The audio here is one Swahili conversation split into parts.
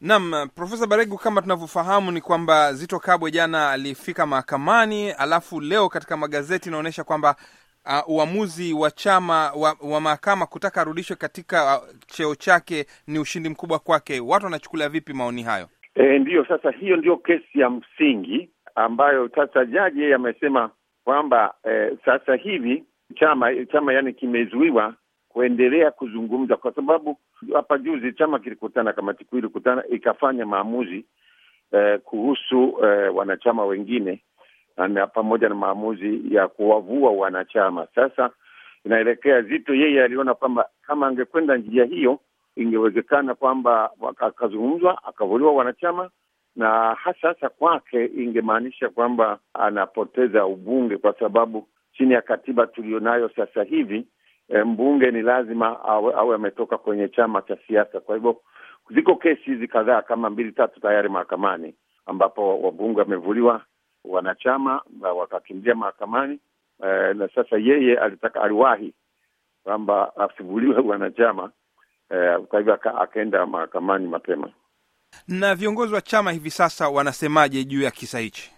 Nam Profesa Baregu, kama tunavyofahamu ni kwamba Zito Kabwe jana alifika mahakamani, alafu leo katika magazeti inaonyesha kwamba uh, uamuzi wa chama wa, wa mahakama kutaka arudishwe katika uh, cheo chake ni ushindi mkubwa kwake. Watu wanachukulia vipi maoni hayo? E, ndiyo sasa, hiyo ndiyo kesi ya msingi ambayo sasa jaji yeye amesema kwamba e, sasa hivi chama chama yani kimezuiwa kuendelea kuzungumza, kwa sababu hapa juzi chama kilikutana, kamati kuu ilikutana ikafanya maamuzi eh, kuhusu eh, wanachama wengine na pamoja na maamuzi ya kuwavua wanachama. Sasa inaelekea Zito yeye aliona kwamba kama angekwenda njia hiyo ingewezekana kwamba akazungumzwa akavuliwa wanachama, na hasa hasa kwake ingemaanisha kwamba anapoteza ubunge, kwa sababu chini ya katiba tuliyonayo sasa hivi Eh, mbunge ni lazima awe, awe ametoka kwenye chama cha siasa. Kwa hivyo ziko kesi hizi kadhaa kama mbili tatu tayari mahakamani, ambapo wabunge wamevuliwa wanachama wakakimbia mahakamani. E, na sasa yeye alitaka aliwahi kwamba asivuliwe wanachama e, kwa hivyo akaenda mahakamani mapema. Na viongozi wa chama hivi sasa wanasemaje juu ya kisa hichi?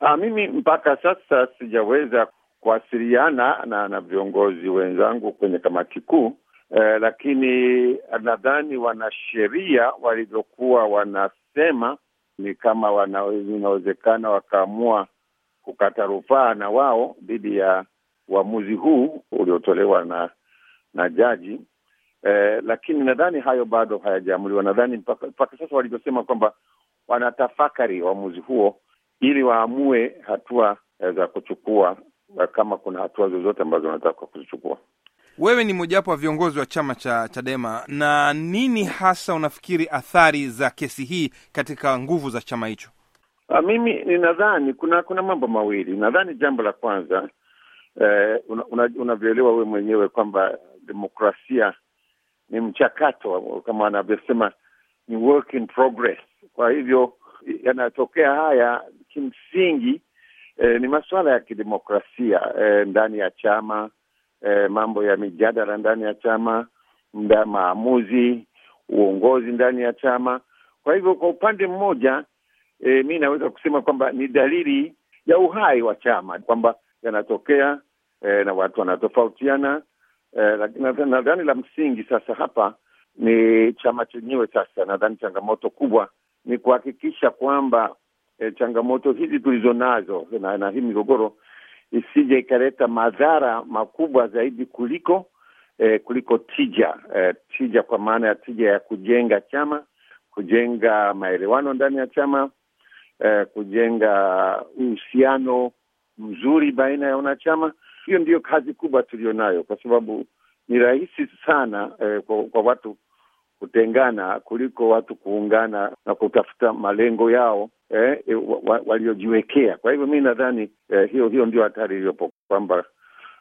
Ah, mimi mpaka sasa sijaweza kuwasiliana na, na viongozi wenzangu kwenye kamati kuu eh, lakini nadhani wanasheria walivyokuwa wanasema ni kama wana, inawezekana wakaamua kukata rufaa na wao dhidi ya uamuzi huu uliotolewa na na jaji eh, lakini nadhani hayo bado hayajaamuliwa. Nadhani mpaka, mpaka sasa walivyosema kwamba wanatafakari uamuzi huo ili waamue hatua eh, za kuchukua kama kuna hatua zozote ambazo wanataka kuzichukua. Wewe ni mojawapo wa viongozi wa chama cha Chadema, na nini hasa unafikiri athari za kesi hii katika nguvu za chama hicho? A, ah, mimi ninadhani kuna kuna mambo mawili. Nadhani jambo la kwanza eh, unavyoelewa una, una wewe mwenyewe kwamba demokrasia ni mchakato kama anavyosema ni work in progress. Kwa hivyo yanatokea haya kimsingi E, ni masuala ya kidemokrasia e, ndani ya chama e, mambo ya mijadala ndani ya chama nda maamuzi, uongozi ndani ya chama. Kwa hivyo kwa upande mmoja e, mi naweza kusema kwamba ni dalili ya uhai wa chama kwamba yanatokea e, na watu wanatofautiana e, nadhani na, na, la msingi sasa hapa ni chama chenyewe. Sasa nadhani changamoto kubwa ni kuhakikisha kwamba e, changamoto hizi nazo na, na hii migogoro isije ikaleta madhara makubwa zaidi kuliko e, kuliko tija e, tija kwa maana ya tija ya kujenga chama, kujenga maelewano ndani ya chama e, kujenga uhusiano mzuri baina ya wanachama. Hiyo ndiyo kazi kubwa tulionayo kwa sababu ni rahisi sana eh, kwa, kwa watu kutengana kuliko watu kuungana na kutafuta malengo yao eh, e, waliojiwekea. Kwa hivyo mi nadhani eh, hiyo hiyo ndio hatari iliyopo kwamba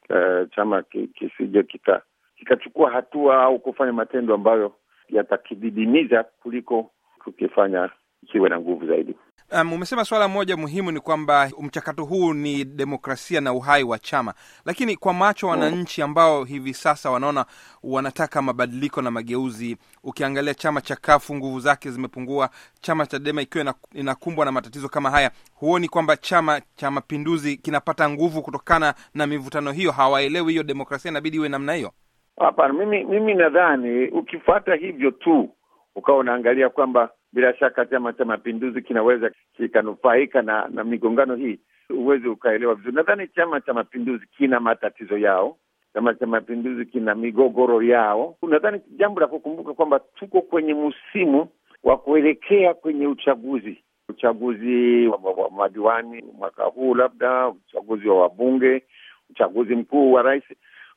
eh, chama kisije kika kikachukua hatua au kufanya matendo ambayo yatakididimiza kuliko kukifanya kiwe na nguvu zaidi. Um, umesema suala moja muhimu ni kwamba mchakato huu ni demokrasia na uhai wa chama, lakini kwa macho mm. wananchi ambao hivi sasa wanaona wanataka mabadiliko na mageuzi, ukiangalia chama cha Kafu nguvu zake zimepungua, chama cha Dema ikiwa inakumbwa na matatizo kama haya, huoni kwamba chama cha Mapinduzi kinapata nguvu kutokana na mivutano hiyo? Hawaelewi hiyo demokrasia inabidi iwe namna hiyo? Hapana, mimi mimi nadhani ukifuata hivyo tu ukawa unaangalia kwamba bila shaka Chama cha Mapinduzi kinaweza kikanufaika na, na migongano hii, huwezi ukaelewa vizuri. Nadhani Chama cha Mapinduzi kina matatizo yao, Chama cha Mapinduzi kina migogoro yao. Nadhani jambo la kukumbuka kwamba tuko kwenye msimu wa kuelekea kwenye uchaguzi, uchaguzi wa, wa, wa madiwani mwaka huu, labda uchaguzi wa wabunge, uchaguzi mkuu wa rais.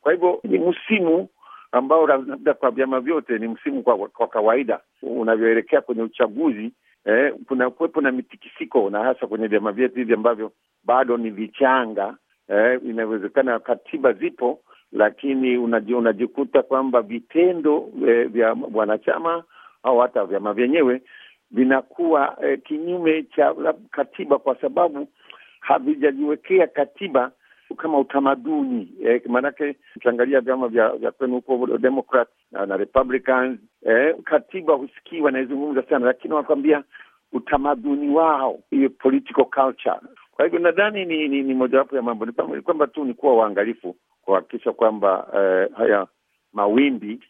Kwa hivyo ni msimu ambao labda kwa vyama vyote ni msimu kwa, kwa kawaida unavyoelekea kwenye uchaguzi eh, kuna kuwepo na mitikisiko na hasa kwenye vyama vyetu hivi ambavyo bado ni vichanga eh, inawezekana katiba zipo, lakini unajikuta kwamba vitendo eh, vya wanachama au hata vyama vyenyewe vinakuwa eh, kinyume cha katiba kwa sababu havijajiwekea katiba kama utamaduni eh, maanake ukiangalia vyama vya vya kwenu huko Democrat na, na Republicans eh, katiba husikii wanaizungumza sana, lakini wanakwambia utamaduni wao, hiyo political culture. Kwa hivyo nadhani ni, ni, ni mojawapo ya mambo ni kwamba tu ni kuwa waangalifu kuhakikisha kwamba eh, haya mawimbi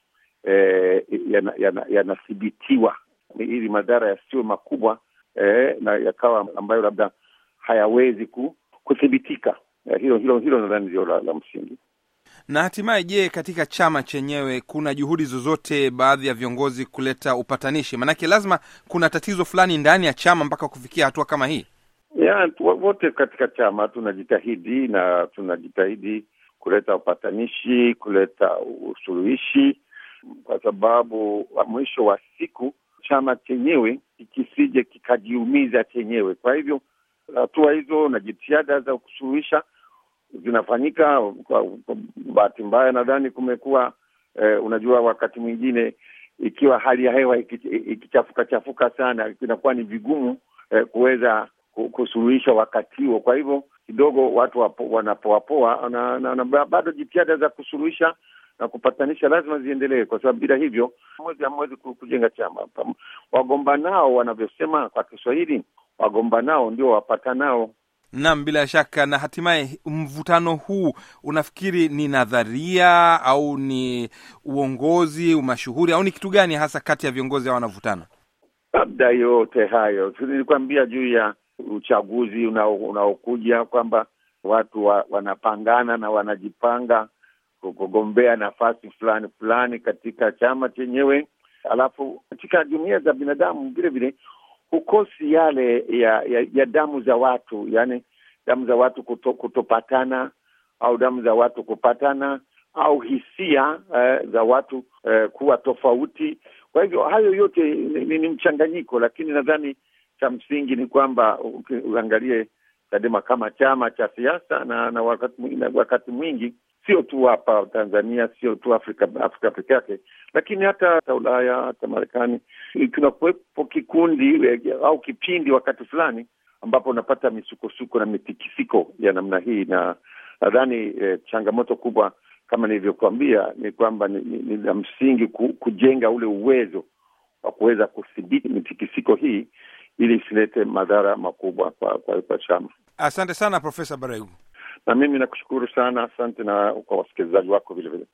eh, yanathibitiwa yana, yana ili madhara yasiwe makubwa eh, na yakawa ambayo labda hayawezi kuthibitika. Eh, hilo hilo hilo nadhani ndio la, la msingi. Na hatimaye, je, katika chama chenyewe kuna juhudi zozote baadhi ya viongozi kuleta upatanishi? Maanake lazima kuna tatizo fulani ndani ya chama mpaka kufikia hatua kama hii. Ya, wote katika chama tunajitahidi na tunajitahidi kuleta upatanishi, kuleta usuluhishi, kwa sababu mwisho wa siku chama chenyewe ikisije kikajiumiza chenyewe. Kwa hivyo hatua hizo na jitihada za kusuluhisha zinafanyika. Kwa bahati mbaya, nadhani kumekuwa eh, unajua wakati mwingine ikiwa hali ya hewa ikichafuka chafuka sana inakuwa ni vigumu eh, kuweza kusuluhisha wakati huo. Kwa hivyo kidogo watu wanapoapoa na, na, na bado jitihada za kusuluhisha na kupatanisha lazima ziendelee, kwa sababu bila hivyo mwezi hamwezi kujenga chama. Wagomba nao wanavyosema kwa Kiswahili, wagomba nao ndio wapatanao. Naam, bila shaka. Na hatimaye mvutano huu unafikiri ni nadharia au ni uongozi umashuhuri au ni kitu gani hasa kati ya viongozi hao wanavutana? Labda yote hayo. nilikuambia juu ya uchaguzi unaokuja una kwamba watu wa, wanapangana na wanajipanga kugombea nafasi fulani fulani katika chama chenyewe, alafu katika jumuia za binadamu vile vile hukosi yale ya, ya, ya damu za watu, yani damu za watu kuto, kutopatana au damu za watu kupatana au hisia eh, za watu eh, kuwa tofauti. Kwa hivyo hayo yote ni, ni, ni mchanganyiko, lakini nadhani cha msingi ni kwamba uangalie Chadema kama chama cha siasa na, na wakati, wakati mwingi sio tu hapa Tanzania, sio tu Afrika Afrika peke yake, lakini hata hata Ulaya, hata Marekani. Kunakuwepo kikundi eh, au kipindi wakati fulani ambapo unapata misukosuko na mitikisiko ya namna hii, na nadhani eh, changamoto kubwa kama nilivyokuambia ni kwamba ni, ni, ni la msingi ku, kujenga ule uwezo wa kuweza kudhibiti mitikisiko hii ili isilete madhara makubwa kwa, kwa, kwa chama. Asante sana Profesa Baregu. Na mimi nakushukuru sana, asante na kwa wasikilizaji wako vile vile